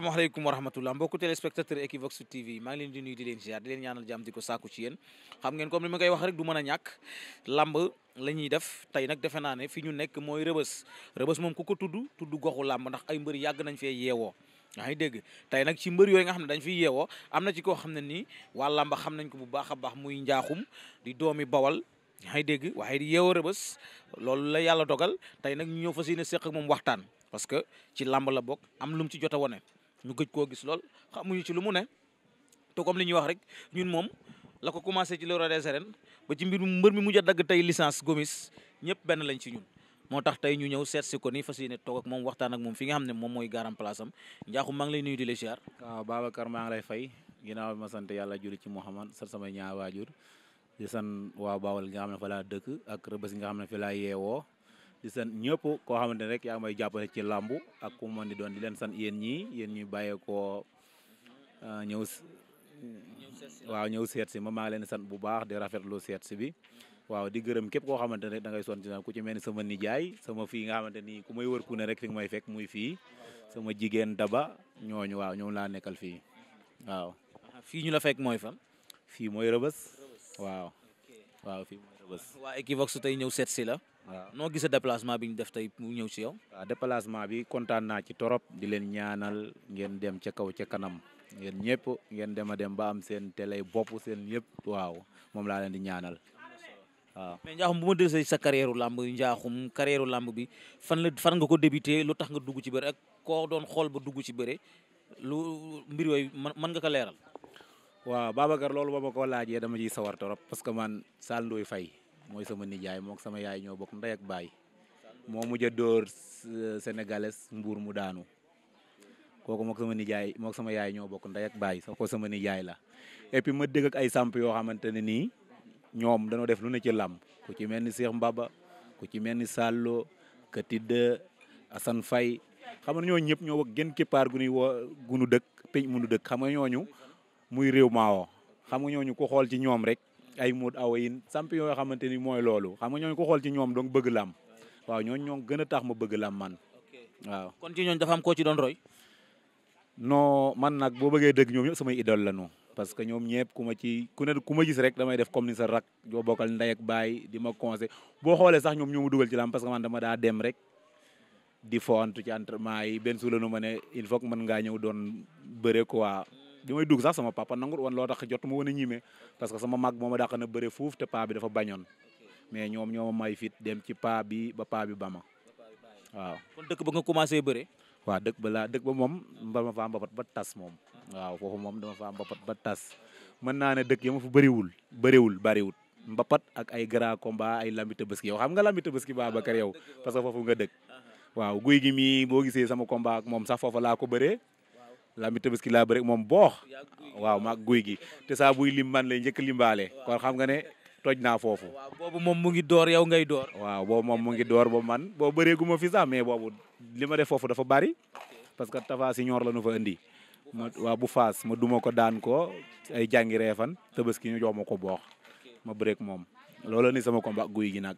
asalaamaaleykum wa rahmatullah mbokku téléspectateur Equivox TV maa ngi leen di nuyu di leen ziar di leen ñaanal jàmm di ko sàkku ci yéen xam ngeen comme li ma koy wax rek du mën a ñàkk làmb la ñuy def tey nag defe naa ne fi ñu nekk mooy rëbës rëbës moom ku ko tudd tudd goxu làmb ndax ay mbër yàgg nañ fee yeewoo yaa ngi dégg tey ci mbër yooyu nga xam ne dañ fi yeewoo am na ci koo xam ne nii waa làmb xam nañ ko bu baax a baax muy njaaxum di doomi bawal yaa ngi dégg waaye di yeewoo rëbës loolu la yàlla dogal tey nag ñëw fas seq moom waxtaan parce que ci làmb la bokk am lu mu ci jot a wone ñu gëj koo gis lool xamuñu ci lu mu ne te comme li ñuy wax rek ñun moom la ko commencé ci Laurent des Arènes ba ci mbir mbër mi mujj a dagg tey licence Gomis ñëpp benn lañ ci ñun. moo tax tey ñu ñëw seet si ko ni fas yéene ne ak moom waxtaanak moom fi nga xam ne moom mooy garam place am njaaxum maa ngi lay nuyu di la ziar. waaw Babacar maa ngi lay fay ginnaaw ma sant yàlla julli ci Muhammad sant samay ñaar waajur di sant waa Bawol nga xam ne fa laa dëkk ak Rëbës nga xam ne fi laa yeewoo di sant ñëpp koo xamante ne rek yaa ngi may jàppale ci làmb ak ku mën di doon di leen san yéen ñii yéen ñuy bàyyeekoo ah, ñëw waaw ñëw seet si ma maa ngi leen san bu baax di rafetlu seet si bi waaw di gërëm képp koo xamante ne da ngay sonn ci ku ci mel ni sama nijaay sama fii nga xamante ni ku may wër ku ne rek fi nga may fekk muy fii sama jigéen daba ñooñu waaw ñoom laa nekkal fii waaw. fii ñu la fekk mooy fan. fii mooy rëbës. waaw waaw fii mooy rëbës. waa Equivox tey ñëw seet si la. waaw noo gisee déplacement bi ñu def tey mu ñëw si yow. waaw déplacement bi kontaan naa ci torop di leen ñaanal ngeen dem ca kaw ca kanam ngeen ñëpp ngeen dem a dem ba am seen télé bopp seen yëpp. waaw moom laa leen di ñaanal. waaw mais Ndiakhoum bu ma dese sa carrière làmb Ndiakhoum carrière làmb bi fan la fan nga ko débuté lu tax nga dugg ci bëre ak koo doon xool ba dugg ci bëre lu mbir yooyu mën nga ko leeral. waaw Babacar loolu ba ma ko laajee dama ciy sawar torop parce que man Sall Ndoye mooy sama nijaay mook sama yaay ñoo bokk ndey ak baay moo mujj a dóor euh, sénégalais mbuur mu daanu kooku mook sama nijaay mook sama yaay ñoo bokk ndey ak baay soo ko sama nijaay la et ma dégg ak ay samp yoo xamante ne nii ñoom dañoo def lu ne ci làmb ku ci mel ni Cheikh Mbaba ku ci mel ni Sallo Katide Assane Faye xam nga ñooñu ñëpp ñoo wax gën kippaar gu ñuy woo gunu dëkk peñ munu dëkk xam nga ñooñu muy réew maawoo xam nga ñooñu ko xool ci ñoom rek ay Modou Awa yin champion yoo xamante ni mooy loolu xam nga ñooñu ko xool ci ñoom donc bëgg làmb waaw ñooñu ñoo gën a tax ma bëgg làmb man waaw. kon ci ñooñu dafa am ci doon roy. non man nag boo bëggee dëgg ñoom ñëpp samay idole la ñu parce que ñoom ñëpp ku ma ci ku ne ku ma gis rek damay def comme ni sa rak joo bokkal ndey ak baay di ma boo xoolee sax ñoom ñoo ma dugal ci làmb parce que man dama daa dem rek di foontu ci entraînement yi benn suulanu ma ne il faut man mën ngaa ñëw doon bëre quoi bi may dugg sax sama papa nangur woon loo tax jot ma a ñime parce que sama mag moo ma dàq na bëre fuuf te paa bi dafa bañoon mais ñoom ñoo ma may fit dem ci paa bi ba paa bi ba ma waaw. kon dëkk ba nga commencé bëre. waaw dëkk ba laa dëkk ba moom dama faa mbapat ba tas moom waaw foofu moom dama faa mbapat ba tas mën naa ne dëkk yi ma fa bëriwul bëriwul bëriwul mbapat ak ay grand combat ay lambi tabaski yow xam nga ba ba Babacar yow parce que foofu nga dëkk waaw guy gi mii boo gisee sama combat moom sax foofa laa ko bëree lambi tabaski laa bëri moom boox waaw maag guy gi te saa buy lim man lay njëkk limbaale kon xam nga ne toj naa foofu. waaw boobu moom mu ngi door yow ngay door. waaw boobu moom mu ngi door ba man boobu bëreegu ma fi sax mais boobu li ma def foofu dafa bari parce que Tafa si ñor la nu fa indi. ma waaw bu faas ma duma ko daan ko ay jàngi reefan tabaski ñu jox ma ko boox ma bëreeg moom loolu sama combat gi nag.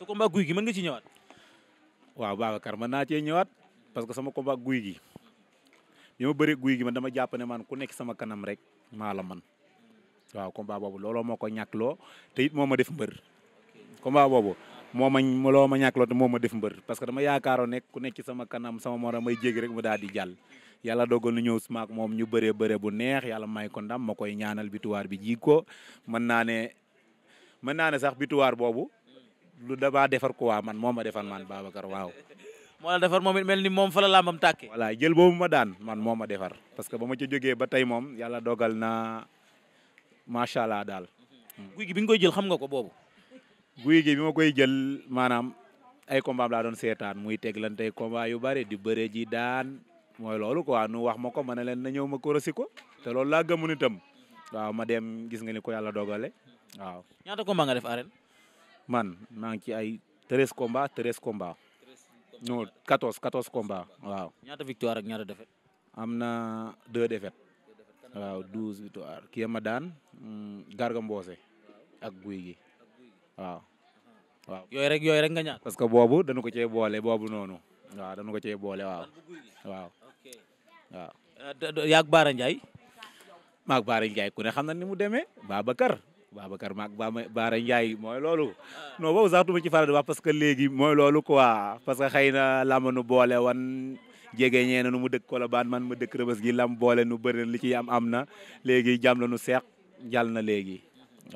sa gi mën nga ci ñëwaat. waaw Babacar mën naa cee ñëwaat parce que sama combat guy gi. bi ma bëree guy gi ma dama jàpp ne man ku nekk sama kanam rek maa la man waaw combat boobu looloo moo ko ñàkkloo te it moo ma def mbër combat boobu moom ma loo ma ñàkkloo te moom ma def mbër parce que dama yaakaaroon ne ku nekk ci sama kanam sama morom may jéggi rek ma daal di jàll yàlla dogal nu ñëw smaak moom ñu bëree bëre bu neex yàlla may ko ndam ma koy ñaanal bituwaar bi ji ko mën naa ne mën naa ne sax bituwaar boobu lu dama defar ko waa man moo ma defar man Babacar waaw moo la defar moom it mel ni moom fa la làmbam tàkkee. voilà jël boobu ma daan man moo ma defar parce que ba ma ca ba tey moom yàlla dogal na macha allah daal. Mm-hmm. guy bi nga koy jël xam nga ko boobu. guy gi bi ma koy jël maanaam ay combat laa doon seetaan muy teglante combat yu bare di bëre ji daan mooy loolu ko quoi nu wax ma ko ma ne leen na ñëw ma korosi ko te loolu laa gëmun itam waaw ma dem gis nga ni ko yàlla dogale waaw. ñaata combat nga def arène. man maa ngi ci ay treize combat treize combat. non 14 14 combats waaw. ñaata victoire ak ñaata défaite. am na deux défaites. waaw 12 victoire kii ma daan mm, Garga Mbossé ak guy gi waaw. waaw yooyu rek yooyu rek nga ñaan. parce que boobu danu ko cee boole boobu noonu. waaw danu ko cee boole waaw. waaw waaw. Eh, yaag Baara Ndiaye. maag Baara Ndiaye ku xam na ni mu demee Babacar. Babacar maag ba Baara Ndiaye mooy loolu non boobu sax duma ci faral di parce que léegi mooy loolu quoi parce que xëy na làmb nu boole wan jege ñee na nu mu dëkk Colobane man ma dëkk Rebeuss gi lam boole nu bëri li ci am am na léegi jàmm la nu seex jàll na léegi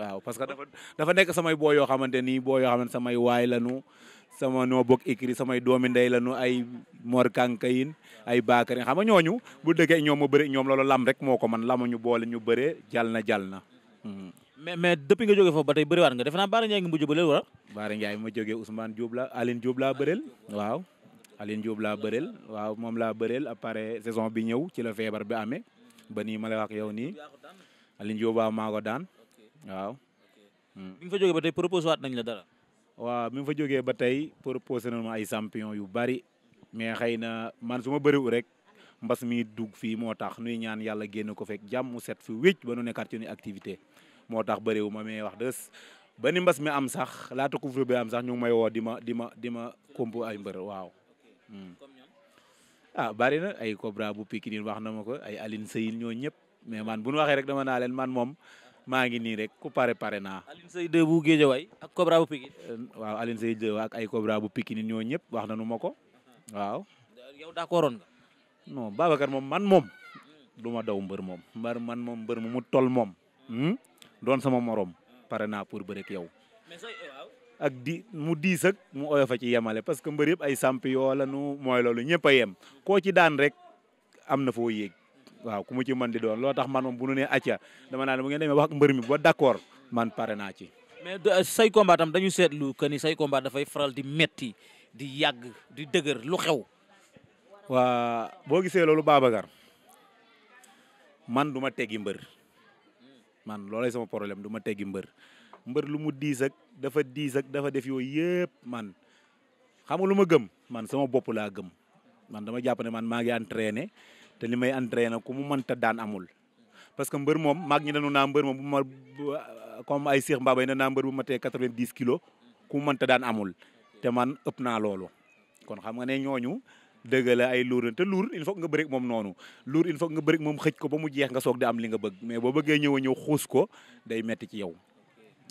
waaw parce que dafa dafa nekk samay boo yoo xamante nii boo yoo xamante samay waay lanu sama noo bokk écrit samay doomi ndey lanu ay Mor Kankayin ay Bakary xam nga ñooñu bu dëggee ñoom ma bëri ñoom loolu lam rek moo ko man lama ñu boole ñu bëree jàll na jàll na hmm. mais mais depuis nga jógee foofu ba tey bëriwaat nga defe naa Baara Ndiaye nga mujj bëreel wala. Baara Ndiaye ma jógee Ousmane Diop la Aline Diop laa bëreel waaw. Aline laa bëreel waaw moom saison bi ñëw ci la feebar bi amee ba ni ma lay yow nii Aline Diop waaw daan waaw. Hmm. bi nga fa jógee ba tey proposé waat nañ la dara. waaw bi fa jógee ba tey proposé nañ ma ay champion yu bari mais xëy na man su ma bëriwul rek mbas mi dugg fii moo tax nuy ñaan yàlla génn ko fekk jàmm mu set fi wécc ba nu nekkaat ci activité. moo tax bëriwu ma mais wax dëgg ba ni mbas mi am sax laata couvre bi am sax ñu ngi may woo di ma di ma di ma komp ay mbër waaw. Hmm. a ah, bari na ay Cobra bu Pikine wax na ma ko ay Aline Seyil ñoo ñëpp mais man bu ñu waxee rek dama naa leen moom maa ngi nii rek ku pare pare naa. Aline Seyil ak Cobra bu Pikine. Euh, waaw Aline ak ay Cobra bu Pikine ñoo ñëpp wax nañu ma ko waaw. yow d'accord moom man moom. du ma daw mbër moom. mbër man moom mbër mu mu toll moom. Hmm? doon sama moroom pare naa pour bëreeg yow. Eh, ak di mu diis ak mu oyof a ci yemale parce que mbër yëpp ay champion la nu mooy loolu ñëpp a yem koo ci daan rek am na foo yéeg waaw ku mu ci mën di doon loo tax man moom bu nu nee acca dama naan bu ngeen demee wax ak mbër mi ba d'accord man pare naa ci. mais say combat tam dañu seetlu que ni sayko combat dafay faral di metti di yàgg di dëgër lu xew. waa boo gisee loolu Babacar man duma ma teggi mbër. man loolay sama problème du tegi teggi mbër mbër lu mu diis ak dafa diis ak dafa def yooyu yëpp man xam nga lu ma gëm man sama bopp laa gëm man dama jàpp ne man maa ngi entraîné te li may entraîné ku mu mënta daan amul. parce que mbër moom maag ñi dañu naa mbër moom bu ma comme ay Cheikh Mbaba yi naa mbër bu ma tee quatre-vingt-dix kilos ku mu mënta daan amul te man ëpp naa loolu kon xam nga ne ñooñu. dëgg la ay luur te luur il faut nga bëri moom noonu luur il faut nga bëri moom xëj ko ba mu jeex nga soog di am li nga bëgg mais boo bëggee ñëw a ñëw xuus ko day metti ci yow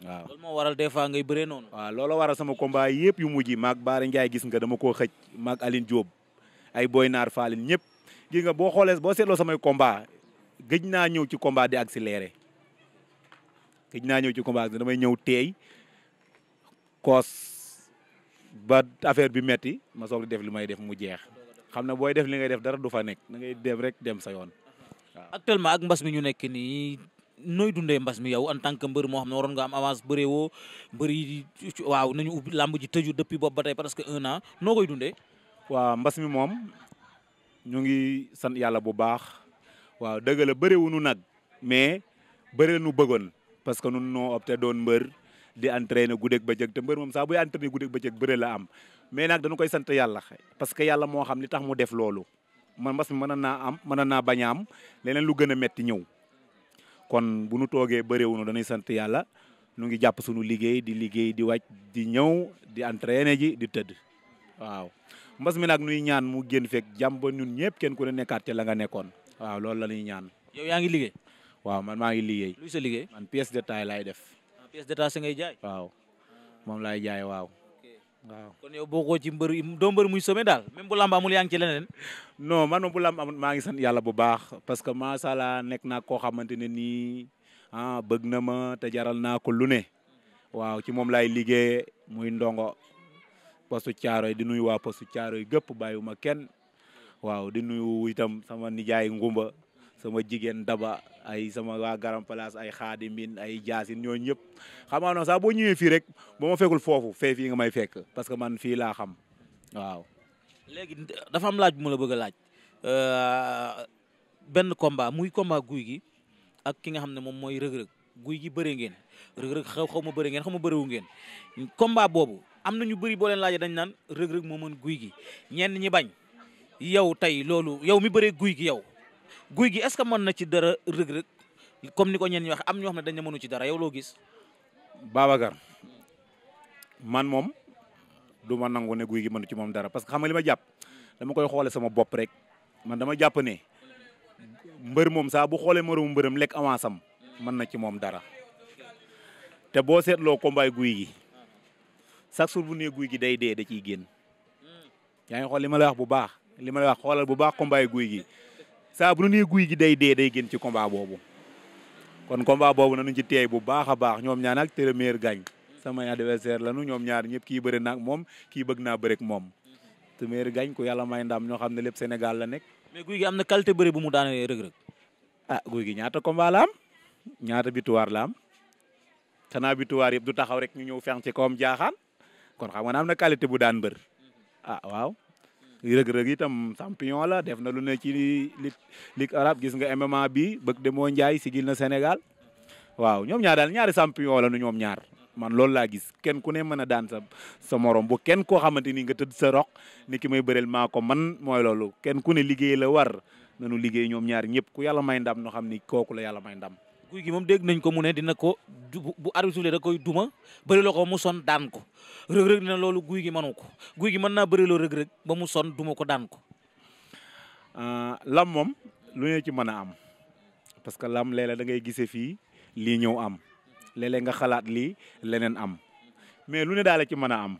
waaw. loolu moo waral des fois ngay bëree noonu. waaw looloo waral sama combat yëpp yu mujj maak Baara njaay gis nga dama koo xëj maag Aline Diop ay Boy Naar Fallin ñëpp gis nga boo xoolee boo seetloo samay komba gëj naa ñëw ci combat di accéléré gëj naa ñëw ci combat damay ñëw teey koos ba affaire bi metti ma soog di may def mu jeex. xam na booy def li ngay def dara du fa nekk da ngay dem rek dem sa yoon waaw. actuellement ak mbas mi ñu nekk nii nooy dundee mbas mi yow en tant que mbër moo xam ne waroon nga am avance bëree wo mbër yi waaw nañu ubbi làmb ji tëju depuis boobu ba tey presque un an noo koy dundee. waaw mbas mi moom ñu ngi sant yàlla bu baax waaw dëgg la bëriwunu nag mais bëri nu bëggoon parce que nun noo opté doon mbër. di entrée entraîner ba jeg te mbër moom saa buy entraîner guddeeg bëccëg bëre la am mais nag dañu koy sant yàlla parce que yàlla moo xam li tax mu def loolu man mbas mi mën naa am mën naa bañ am leneen lu gën a metti ñëw kon bu nu toogee bëreewuñu dañuy sant yàlla nu ngi jàpp suñu liggéey di liggéey di wàcc di ñëw di entraîner ji di tëdd waaw mbas mi nag nuy ñaan mu génn fekk jàmm ba ñun ñëpp kenn ku ne nekkaat ci la nga nekkoon waaw loolu la ñuy ñaan. yow yaa ngi liggéey. waaw man maa ngi liggéey. luy sa liggéey man pièce de taille laay def. pièce détachée jaay. waaw moom laay jaay waaw. waaw kon yow boo ko ci mbër doo mbër muy somme daal même bu lamb amul yaa ngi ci leneen. non man bu lamb amul maa ngi sant yàlla bu baax parce que macha nekk naa koo xamante ne nii ah bëgg na ma te jaral naa ko lu ne. waaw ci moom laay liggéey muy ndongo postu caaro yi di nuyu waa postu caaro yi gëpp bàyyiwuma kenn waaw di nuyu itam sama nijaay ngumba sama jigéen daba ay sama waa garam place ay xaadi mbin ay jaasin ñooñu ñëpp xamaa noonu sax boo ñëwee fii rek ba ma fekkul foofu fee fii nga may fekk parce que man fii laa xam waaw léegi dafa am laaj bu ma la bëgg a laaj euh, benn combat muy combat guy gi ak ki nga xam ne moom mooy rëg-rëg guy gi bëre ngeen rëg-rëg xaw ma bëre ngeen xaw ma bërewu ngeen combat boobu am na ñu bëri boo leen laajee dañ naan rëg-rëg moo mën guy gi ñenn ñi bañ yow tey loolu yow mi bëree guy gi yow guy gi est-ce que mën na ci dara rëg-rëg comme ni ko ñen ñi wax am ñoo xam ne dañ ne mënu ci dara yow loo gis. Babacar man moom du ma nangu ne guy gi mënu ci moom dara parce que xam nga ma jàpp dama koy xoole sama bopp rek man dama jàpp ne mbër moom saa bu xoolee moromu mbërëm lekk avance am mën na ci moom dara te boo seetloo combat guy gi chaque jour bu ne guy gi day dee da ciy génn yaa ngi xool li ma la wax bu baax li ma la wax xoolal bu baax combat guy gi. saa bu nu nee guy gi day dee day génn ci komba boobu kon combat boobu nañu ci teey bu baax a baax ñoom ñaar nag téeméer gaañ samay adversaire lañu ñoom ñaar ñëpp kii bëri nag moom kii bëgg naa bëri ak moom téeméer gaañ ku yàlla may ndam ñoo xam ne lépp Sénégal la nekk. mais guy gi am na qualité bu mu daan rëg-rëg. ah guy gi ñaata combat la ñaata bituwaar lam am bituwaar yëpp du taxaw rek ñu ñëw fenk ci kawam jaaxaan kon xam na qualité bu daan bër ah waaw. rëg-rëg itam champion la def na lu ne ci lig lig arab gis nga MMA bi bëgg de moo njaay sigil na Sénégal waaw ñoom ñaar daal ñaari champion la nu ñoom ñaar man loolu laa gis kenn ku ne mën a daan sa sa morom bu kenn koo xamante ni nga tëdd sa roq ni ki may bëreel maa ko man mooy loolu kenn ku ne liggéey la war nanu liggéey ñoom ñaar ñëpp ku yàlla may ndam noo xam ni kooku la yàlla may ndam guy gi moom dégg nañ ko mu ne dina ko bu arbitre bi da koy duma bëri loo ko mu son daan ko rëg-rëg dina loolu guy gi mënu ko guy gi mën naa bëri loo rëg-rëg ba mu son duma ko daan ko euh, lam moom lu ñu ci mën a am parce que lam léeg-léeg da ngay gisee fii lii ñëw am léeg nga xalaat lii leneen am mais lu ne daal ci mën a am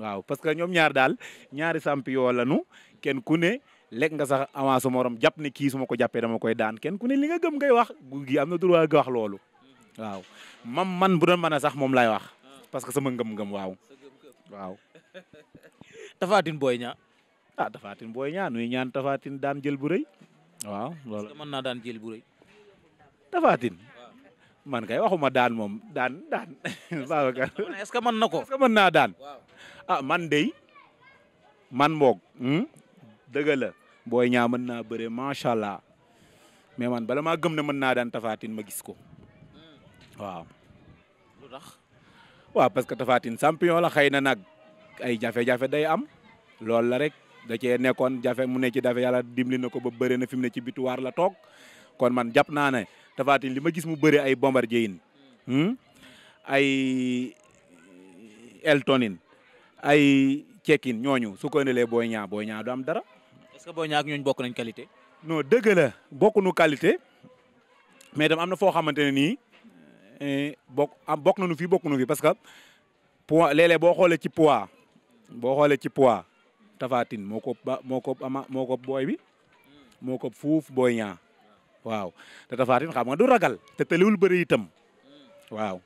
waaw parce que ñoom ñaar daal ñaari champion lañu kenn ku ne lekk nga sax avance morom jàpp ne kii su ko jàppee dama koy daan kenn ku ne li nga gëm ngay wax guy gi am na droit nga wax loolu waaw mam man bu doon mën a sax moom laay wax parce que sama ngëm-ngëm waaw waaw tafaatin booy ñaa ah tafaatin ñaa nuy ñaan daan jël bu rëy waaw mën naa daan jël bu rëy tafaatin man kay waxuma daan moom daan daan Babacar ce que mën na ko est-ce naa daan ah, man dey man mboog hmm? dëgg booy ñaa mën naa bëre macha allah mais man bala ma gëm ne mën naa daan tafaatin ma gis ko waaw. lu tax waaw parce que tafaatin champion la xëy na nag ay jafe-jafe day am loolu la rek da cee nekkoon jafe mu ne ci dafe yàlla dimbali na ko ba bëre na fi mu ne ci bituwaar la toog kon man jàpp naa ne tafaatin li ma gis mu bëre ay bombar yin hmm? ay eltonin ay cekin ñooñu su ko booy ñaa booy ñaa du dara. est-ce que bokk nañ qualité. non dëgg la bokkuñu qualité mais itam am na foo xamante ne nii eh, bokk am bokk nañu fii bokkuñu fii parce que poids léeg-léeg boo xoolee ci poids boo xoolee ci poids Tapha moo ko ba moo ko ama moo ko booy bi moo ko fuuf booy ñaa waaw te Tapha xam nga du ragal te tëliwul bëri itam waaw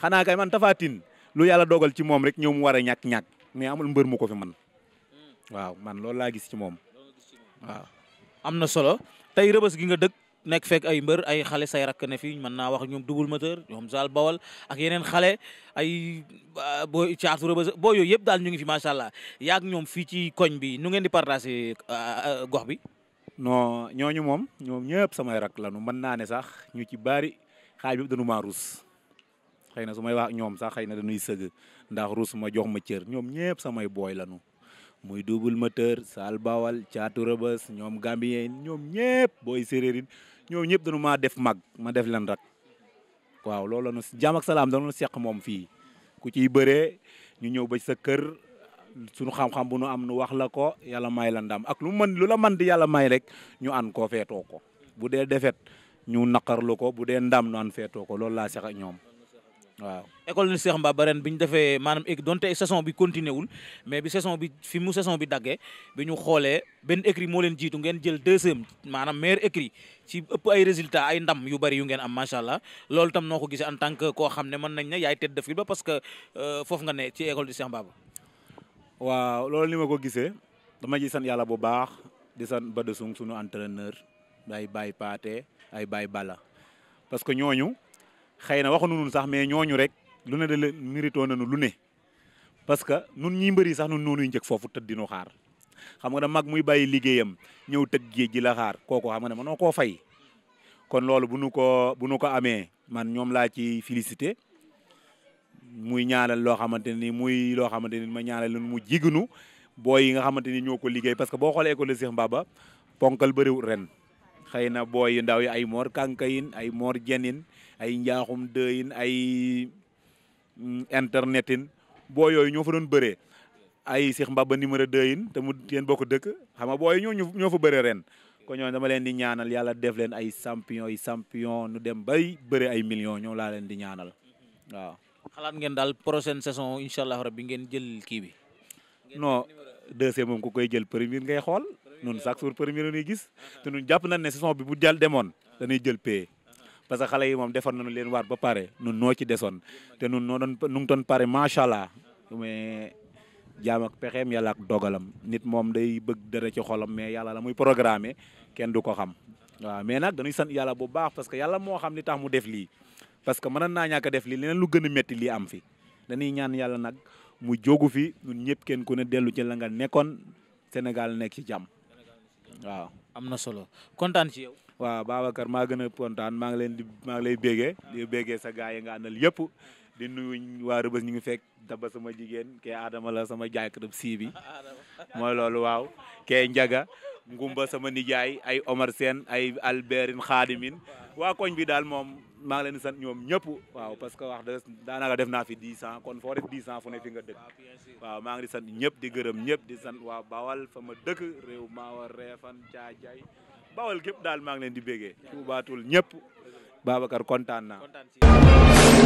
xanaa kay man Tapha Tine lu yàlla dogal ci moom rek ñëw mu war a ñàkk ñàkk mais amul mbër mu ko fi man waaw man loolu laa gis ci moom. waaw am na solo tey rëbës gi nga dëkk nekk fekk ay mbër ay xale say rakk ne fii mën naa wax ñoom double moteur ñoom saal Bawal ak yeneen xale ay ah, boo caatu rëbës boo yooyu yëpp daal ñu ngi fi macha allah yaag ñoom fii ci koñ bi nu ngeen di partager ah, ah, gox bi. no ñooñu moom ñoom ñëpp samay rakk lanu mën naa ne sax ñu ci bari xaaj bi dañu maa ruus xëy na su may wax ñoom sax xëy na dañuy sëgg ndax ruus ma jox ma cër ñoom ñëpp samay booy lanu muy double moteur Saal Bawal caatu rëbës ñoom Gambien ñoom ñëpp booy séeréerin ñoom ñëpp dañu maa def mag ma def leen rak waaw loolu la jàmm salaam dañu seq moom fii ku ci bëree ñu ñëw ba sa kër suñu xam-xam bu nu am nu wax la ko yàlla may la ndam ak lu mën lu la mën di yàlla may rek ñu an koo feetoo ko bu dee defet ñu naqarlu ko bu dee ndam ñu an feetoo ko loolu laa seq ñoom. waaw école ni Cheikh Mbaba ren bi ñu defee maanaam donte saison bi continué wul mais bi saison bi fi mu saison bi daggee bi ñu xoolee benn écrit moo leen jiitu ngeen jël deuxième maanaam meilleur écrit ci ëpp ay résultats ay ndam yu bari yu ngeen am macha allah loolu tam noo ko gisee en tant que koo xam ne mën nañ ne yaay tête de file ba parce que euh, foofu nga ne ci école di Cheikh waaw loolu ni ma ko gisee dama ji sant yàlla bu baax di sant Badou Sow sunu entraîneur ay baay Paate ay Baye Bala parce que ñooñu. xëy na waxuñu nun sax mais ñooñu rek lu ne da leen méritoo nañu lu ne parce que nun ñi mbëri sax nun noonuy njëkk foofu tëdd dinu xaar xam nga na mag muy bàyyi liggéeyam ñëw tëj géej ji la xaar kooku xam nga ne mënoo koo fay kon loolu bu nu ko bu nu ko amee man ñoom laa ci félicité muy ñaanal loo xamante ni muy loo xamante ni ma ñaanal leen mu jigunu booy yi nga xamante ni ñoo ko liggéey parce que boo xoolee école Cheikh Mbaba ponkal bëriwul ren xëy na booy yu ndaw yi ay moor kànkayin ay moor jenin ay njaaxum dëyin ay mm, internet in boo yooyu ñoo fa doon bëree ay Cheikh Mbaba numéro 2 yin te mu yéen bokk dëkk xam nga booy ñoo ñoo fa bëre ren ko ñoo dama leen di ñaanal yàlla def leen ay champion yi champion nu dem bay bëre ay millions ñoo laa leen di ñaanal waaw. xalaat ngeen daal prochaine saison incha allah rabbi ngeen jël kii bi. non deuxième moom ku koy jël premier ngay xool. ñun chaque jour premier la ñuy gis te ñun jàpp ne saison bi bu jàll demoon dañuy jël paie. parce que xale yi moom defar nañu leen waat ba pare nun noo ci desoon te nun noo doon nu ngi doon pare macha allah jaam ak pexeem yàlla ak dogalam nit moom day bëgg dara ci xolam mais yàlla la muy programmer kenn du ko xam waaw mais nag dañuy san yàlla bu baax parce que yàlla moo xam ni tax mu def lii parce que mënoon naa ñàkk def lii leneen lu gën a métti lii am fi dañuy ñaan yàlla nag mu jógu fi ñun ñëpp kenn ku ne dellu ci la nga nekkoon Sénégal nekk ci jàmm waaw. am na solo waaw Babacar maa gën pontaan kontaan ngi leen di maa ngi lay béggee béggee sa gars yi nga yëpp di nuyu waa Rëbës ñu ngi fekk daba sama jigéen kee Adama la sama jaaykatub sii bi mooy loolu waaw ke Njaga Ngumba sama nijaay ay Omar Sène ay Albertine Xaadimin waa koñ bi daal moom maa leen di sant ñoom ñëpp waaw parce que wax dëgg daanaka def naa fi dix ans kon foo def dix ans fu ne fi nga dëkk waaw maa ngi di sant ñëpp di gërëm ñëpp di sant waa Bawal fa ma dëkk réew maa war Réfane bawal gépp daal maa ngi leen di béggee tuubaatul ñëpp Babacar kontaan naa